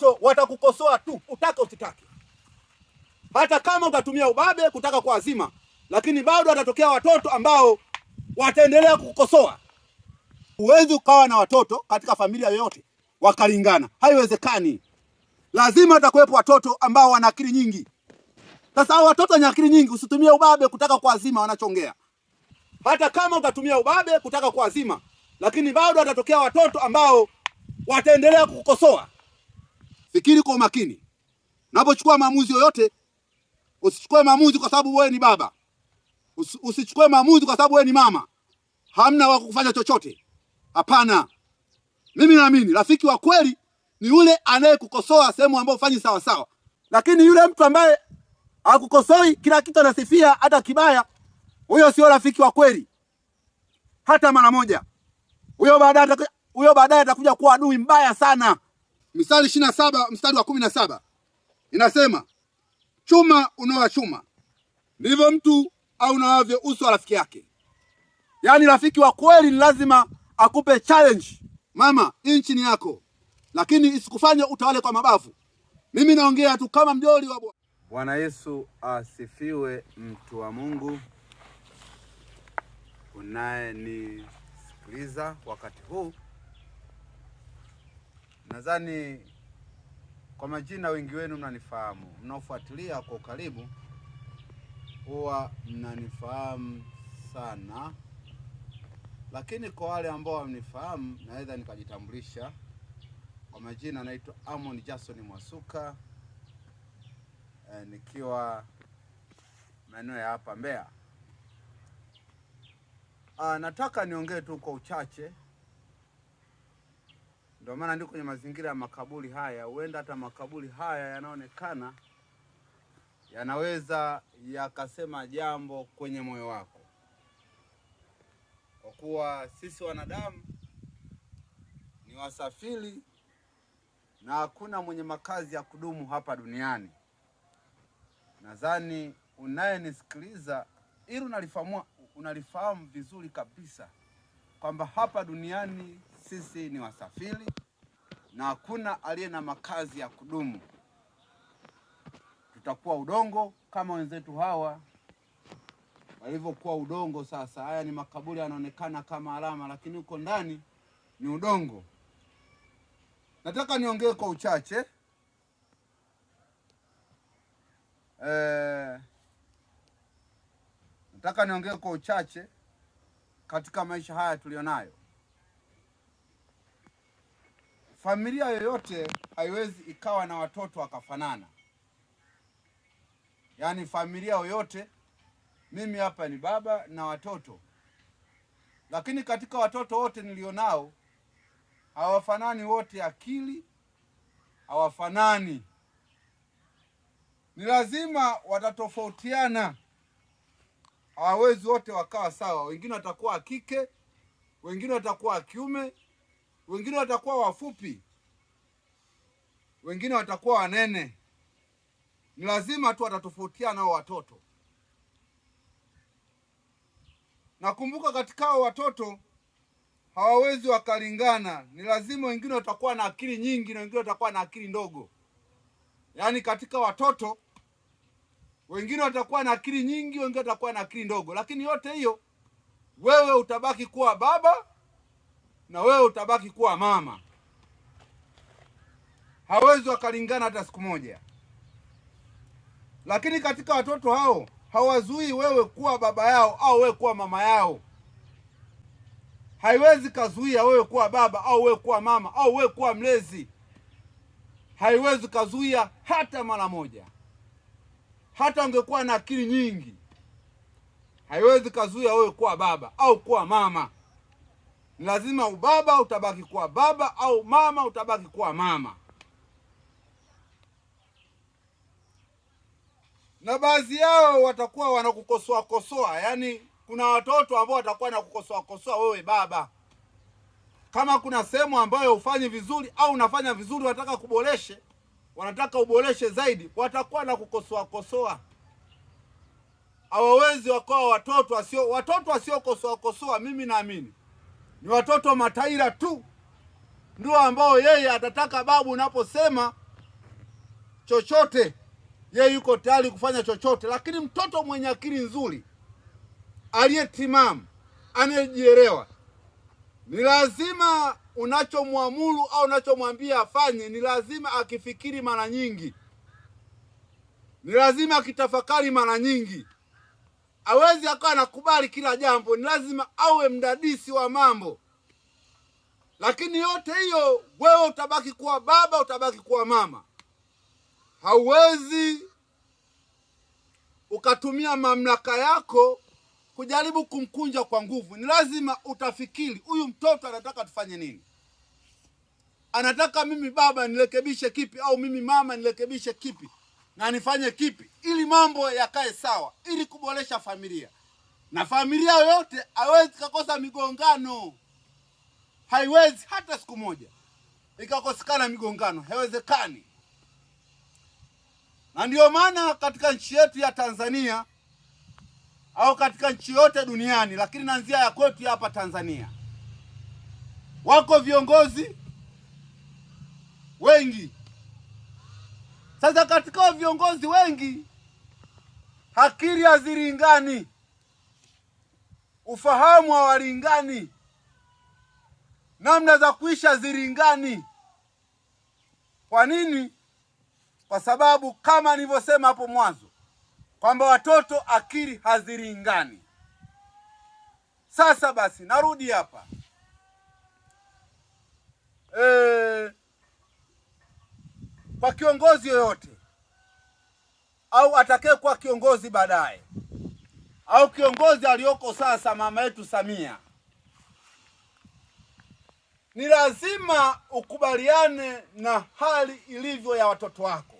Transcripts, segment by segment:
So, watakukosoa tu utake usitake, hata kama utatumia ubabe kutaka kwa azima, lakini bado watatokea watoto ambao wataendelea kukukosoa. Huwezi ukawa na watoto katika familia yoyote wakalingana, haiwezekani. Lazima atakuwepo watoto ambao wana akili nyingi. Sasa hao watoto wenye akili nyingi, usitumie ubabe kutaka kwa azima, wanachongea. Hata kama utatumia ubabe kutaka kwa azima, lakini bado watatokea watoto ambao wataendelea kukukosoa. Fikiri kwa umakini unapochukua maamuzi yoyote. Usichukue maamuzi kwa sababu wewe ni baba, usichukue maamuzi kwa sababu wewe ni mama, hamna wa kufanya chochote. Hapana, mimi naamini rafiki wa kweli ni yule anayekukosoa sehemu ambayo ufanyi sawa sawa, lakini yule mtu ambaye akukosoi kila kitu anasifia hata kibaya, huyo sio rafiki wa kweli hata mara moja. Huyo baadaye atakuja kuwa adui mbaya sana mstari ishirini na saba mstari wa kumi na saba inasema chuma unaoa chuma ndivyo mtu au unaoavyo uso wa rafiki yake. Yaani rafiki wa kweli ni lazima akupe challenge, mama, hii nchi ni yako, lakini isikufanye utawale kwa mabavu. Mimi naongea tu kama mjoli wa Bwana. Yesu asifiwe, mtu wa Mungu unaye unayenisikiliza wakati huu Nadhani kwa majina wengi wenu mnanifahamu, mnaofuatilia kwa ukaribu huwa mnanifahamu sana, lakini kwa wale ambao wamnifahamu naweza nikajitambulisha kwa majina. Naitwa Amon Jason Mwasuka e, nikiwa maeneo ya hapa Mbeya. Ah, nataka niongee tu kwa uchache ndio maana ndio kwenye mazingira ya makaburi haya, huenda hata makaburi haya yanaonekana yanaweza yakasema jambo kwenye moyo wako, kwa kuwa sisi wanadamu ni wasafiri na hakuna mwenye makazi ya kudumu hapa duniani. Nadhani unayenisikiliza ili unalifahamu, unalifahamu vizuri kabisa kwamba hapa duniani sisi ni wasafiri na hakuna aliye na makazi ya kudumu. Tutakuwa udongo kama wenzetu hawa walivyokuwa udongo. Sasa haya ni makaburi yanaonekana kama alama, lakini huko ndani ni udongo. Nataka niongee kwa uchache e, nataka niongee kwa uchache katika maisha haya tulionayo. Familia yoyote haiwezi ikawa na watoto wakafanana, yaani familia yoyote, mimi hapa ni baba na watoto, lakini katika watoto wote nilionao hawafanani wote akili, hawafanani ni lazima watatofautiana, hawawezi wote wakawa sawa. Wengine watakuwa kike, wengine watakuwa kiume wengine watakuwa wafupi, wengine watakuwa wanene. Ni lazima tu watatofautiana nao watoto. Nakumbuka katika hao watoto hawawezi wakalingana, ni lazima wengine watakuwa na akili nyingi na wengine watakuwa na akili ndogo. Yaani katika watoto wengine watakuwa na akili nyingi, wengine watakuwa na akili ndogo, lakini yote hiyo wewe utabaki kuwa baba na wewe utabaki kuwa mama. Hawezi wakalingana hata siku moja, lakini katika watoto hao hawazuii wewe kuwa baba yao au wewe kuwa mama yao. Haiwezi kazuia wewe kuwa baba au wewe kuwa mama au wewe kuwa mlezi, haiwezi kazuia hata mara moja. Hata ungekuwa na akili nyingi, haiwezi kazuia wewe kuwa baba au kuwa mama lazima ubaba utabaki kuwa baba au mama utabaki kuwa mama. Na baadhi yao watakuwa wanakukosoa kosoa, yaani kuna watoto ambao watakuwa kukosoa kosoa wewe baba, kama kuna sehemu ambayo ufanyi vizuri au unafanya vizuri, wanataka kuboreshe, wanataka uboreshe zaidi, watakuwa na kukosoa kosoa hawawezi wakawa watoto wasio watoto wasiokosoa kosoa. Mimi naamini ni watoto mataira tu ndio ambao yeye atataka babu, unaposema chochote, yeye yuko tayari kufanya chochote. Lakini mtoto mwenye akili nzuri, aliyetimamu, anayejielewa, ni lazima unachomwamuru au unachomwambia afanye, ni lazima akifikiri mara nyingi, ni lazima akitafakari mara nyingi hawezi akawa anakubali kila jambo, ni lazima awe mdadisi wa mambo. Lakini yote hiyo, wewe utabaki kuwa baba, utabaki kuwa mama, hauwezi ukatumia mamlaka yako kujaribu kumkunja kwa nguvu. Ni lazima utafikiri, huyu mtoto anataka tufanye nini? Anataka mimi baba nirekebishe kipi, au mimi mama nirekebishe kipi? na nifanye kipi ili mambo yakae sawa, ili kuboresha familia na familia yoyote haiwezi kakosa migongano, haiwezi hata siku moja ikakosekana migongano, haiwezekani. Na ndiyo maana katika nchi yetu ya Tanzania au katika nchi yote duniani, lakini na nzia ya kwetu hapa Tanzania, wako viongozi wengi sasa katika viongozi wengi akili hazilingani, ufahamu hawalingani, namna za kuishi hazilingani. Kwa nini? Kwa sababu kama nilivyosema hapo mwanzo kwamba watoto akili hazilingani. Sasa basi, narudi hapa. kwa kiongozi yoyote au kuwa kiongozi baadaye au kiongozi aliyoko sasa, mama yetu Samia, ni lazima ukubaliane na hali ilivyo ya watoto wako,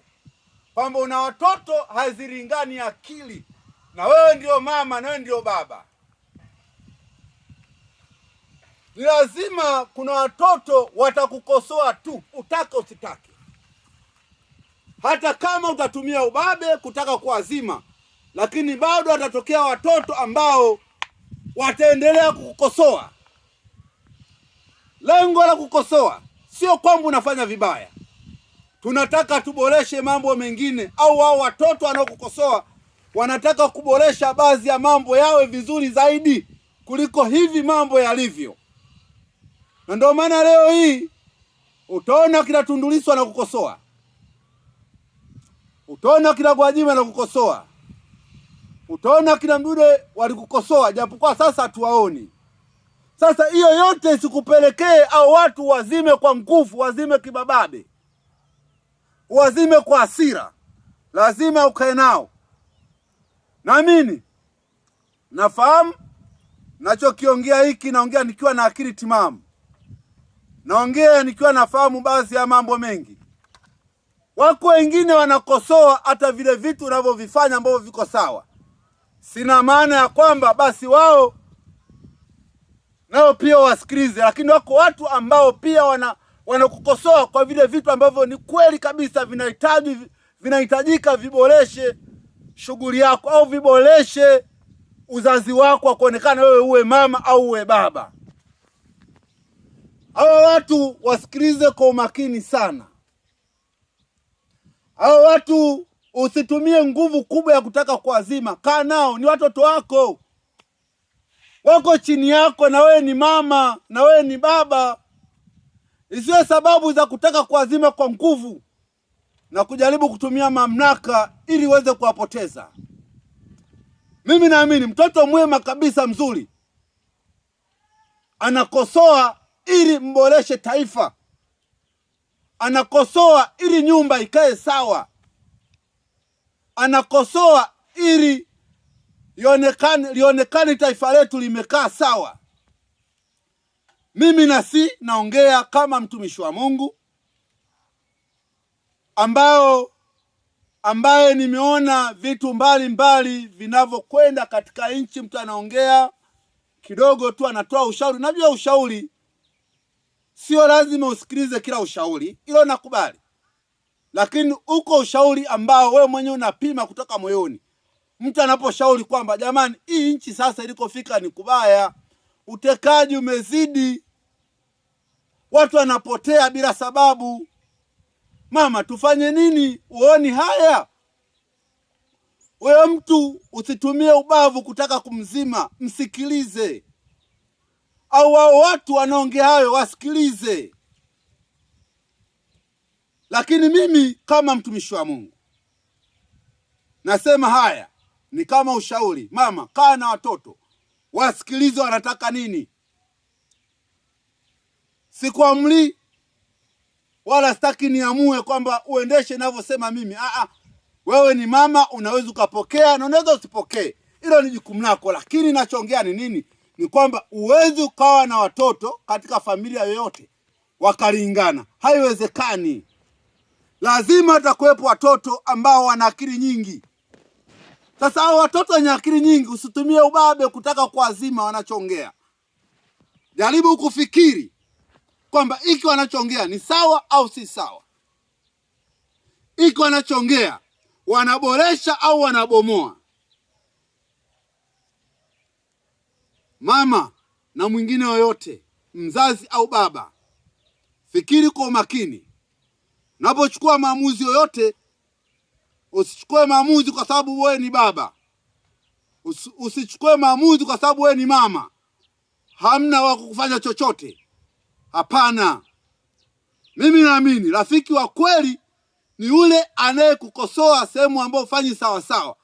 kwamba una watoto hazilingani akili, na wewe ndio mama na wewe ndio baba. Ni lazima kuna watoto watakukosoa tu, utake usitake hata kama utatumia ubabe kutaka kuwazima, lakini bado watatokea watoto ambao wataendelea kukosoa. Lengo la kukosoa sio kwamba unafanya vibaya, tunataka tuboreshe mambo mengine, au wao watoto wanaokukosoa wanataka kuboresha baadhi ya mambo yawe vizuri zaidi kuliko hivi mambo yalivyo. Na ndio maana leo hii utaona kila Tundu Lissu anakukosoa Utaona kila Gwajima anakukosoa, utaona kina Mdude walikukosoa, japokuwa sasa hatuwaoni. Sasa hiyo yote sikupelekee au watu wazime kwa nguvu, wazime kibababe, wazime kwa hasira. Lazima ukae nao. Naamini nafahamu nachokiongea hiki, naongea nikiwa na akili timamu, naongea nikiwa nafahamu baadhi ya mambo mengi Wako wengine wanakosoa hata vile vitu unavyovifanya ambavyo viko sawa. Sina maana ya kwamba basi wao nao pia wasikilize, lakini wako watu ambao pia wana wanakukosoa kwa vile vitu ambavyo ni kweli kabisa vinahitaji vinahitajika viboreshe shughuli yako au viboreshe uzazi wako wa kuonekana wewe uwe mama au uwe baba. Hawa watu wasikilize kwa umakini sana. Hao watu usitumie nguvu kubwa ya kutaka kuwazima. Kaa nao, ni watoto wako, wako chini yako, na wewe ni mama na wewe ni baba. Isiwe sababu za kutaka kuwazima kwa nguvu na kujaribu kutumia mamlaka ili uweze kuwapoteza. Mimi naamini mtoto mwema kabisa mzuri anakosoa ili mboreshe taifa anakosoa ili nyumba ikae sawa, anakosoa ili lionekane lionekane taifa letu limekaa sawa. Mimi nasi naongea kama mtumishi wa Mungu ambao ambaye nimeona vitu mbalimbali vinavyokwenda katika nchi. Mtu anaongea kidogo tu, anatoa ushauri. Najua ushauri Sio lazima usikilize kila ushauri, hilo nakubali, lakini uko ushauri ambao wewe mwenyewe unapima kutoka moyoni. Mtu anaposhauri kwamba jamani, hii nchi sasa ilikofika ni kubaya, utekaji umezidi, watu wanapotea bila sababu, mama tufanye nini? Uoni haya wewe mtu usitumie ubavu kutaka kumzima, msikilize au wao watu wanaongea hayo wasikilize. Lakini mimi kama mtumishi wa Mungu nasema haya ni kama ushauri. Mama, kaa na watoto wasikilize wanataka nini. Sikuamri wala sitaki niamue kwamba uendeshe ninavyosema mimi. Aa, wewe ni mama, unaweza ukapokea na unaweza usipokee, hilo ni jukumu lako, lakini nachoongea ni nini? ni kwamba uwezi ukawa na watoto katika familia yoyote wakalingana, haiwezekani. Lazima atakuwepo watoto ambao wana akili nyingi. Sasa hao watoto wenye akili nyingi, usitumie ubabe kutaka kuwazima wanachoongea Jaribu kufikiri kwamba iki wanachongea ni sawa au si sawa, iki wanachongea wanaboresha au wanabomoa. mama na mwingine yoyote, mzazi au baba, fikiri kwa umakini unapochukua maamuzi yoyote. Usichukue maamuzi kwa sababu wewe ni baba, usichukue maamuzi kwa sababu wewe ni mama, hamna wa kukufanya chochote. Hapana, mimi naamini rafiki wa kweli ni yule anayekukosoa sehemu ambayo ufanyi sawasawa.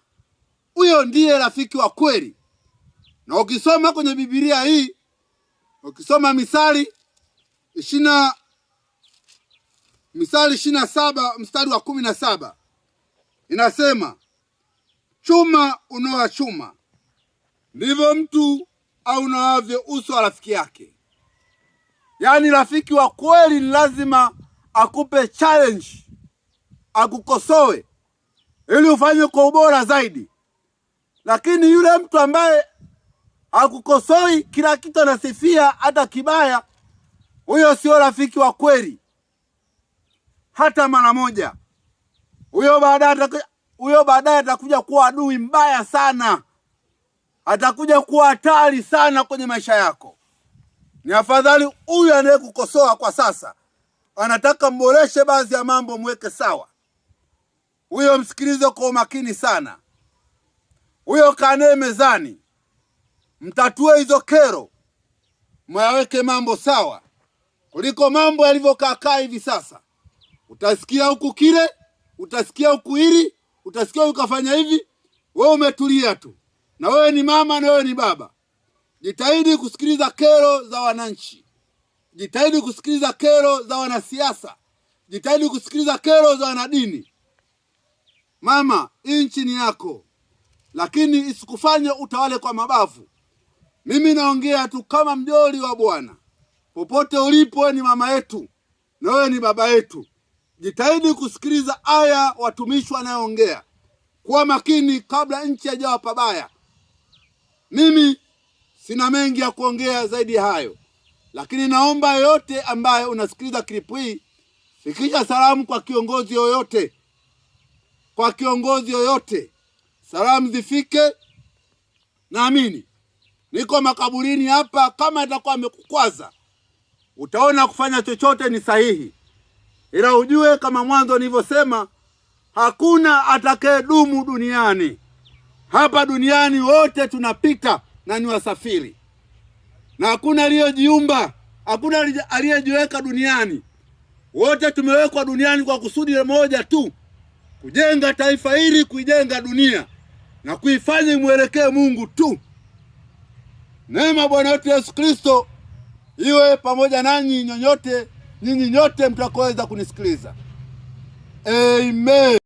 Huyo ndiye rafiki wa kweli. Na ukisoma kwenye Biblia hii, ukisoma Misali ishina Misali ishirini na saba mstari wa kumi na saba inasema chuma unoa chuma, ndivyo mtu aunoavyo uso wa rafiki yake. Yaani rafiki wa kweli ni lazima akupe challenge, akukosoe ili ufanye kwa ubora zaidi, lakini yule mtu ambaye akukosoi, kila kitu anasifia, hata kibaya, huyo sio rafiki wa kweli hata mara moja. Huyo baadaye huyo baadaye atakuja kuwa adui mbaya sana, atakuja kuwa hatari sana kwenye maisha yako. Ni afadhali huyu anayekukosoa kwa sasa anataka mboreshe baadhi ya mambo, mweke sawa. Huyo msikilize kwa umakini sana, huyo kanae mezani mtatue hizo kero, mwaweke mambo sawa kuliko mambo yalivyokaakaa hivi sasa. Utasikia huku kile, utasikia huku hili, utasikia ukafanya hivi. Wewe umetulia tu, na wewe ni mama na wewe ni baba. Jitahidi kusikiliza kero za wananchi, jitahidi kusikiliza kero za wanasiasa, jitahidi kusikiliza kero za wanadini. Mama, nchi ni yako, lakini isikufanye utawale kwa mabavu. Mimi naongea tu kama mjoli wa Bwana. Popote ulipo, ni mama yetu na wewe ni baba yetu. Jitahidi kusikiliza aya watumishi wanayoongea, kuwa makini kabla nchi haijawa pabaya. Mimi sina mengi ya kuongea zaidi ya hayo, lakini naomba yoyote ambaye unasikiliza klipu hii, fikisha salamu kwa kiongozi yoyote, kwa kiongozi yoyote, salamu zifike. Naamini niko makaburini hapa. Kama atakuwa amekukwaza, utaona kufanya chochote ni sahihi, ila ujue kama mwanzo nilivyosema, hakuna atakayedumu duniani. Hapa duniani wote tunapita na ni wasafiri, na hakuna aliyojiumba hakuna aliyejiweka duniani. Wote tumewekwa duniani kwa kusudi moja tu, kujenga taifa hili, kuijenga dunia na kuifanya imwelekee Mungu tu. Neema Bwana wetu Yesu Kristo iwe pamoja nanyi nyonyote, nyinyi nyote mtakoweza kunisikiliza. Amen.